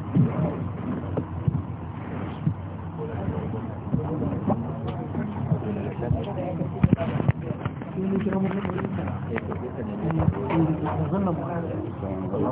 C: Gracias.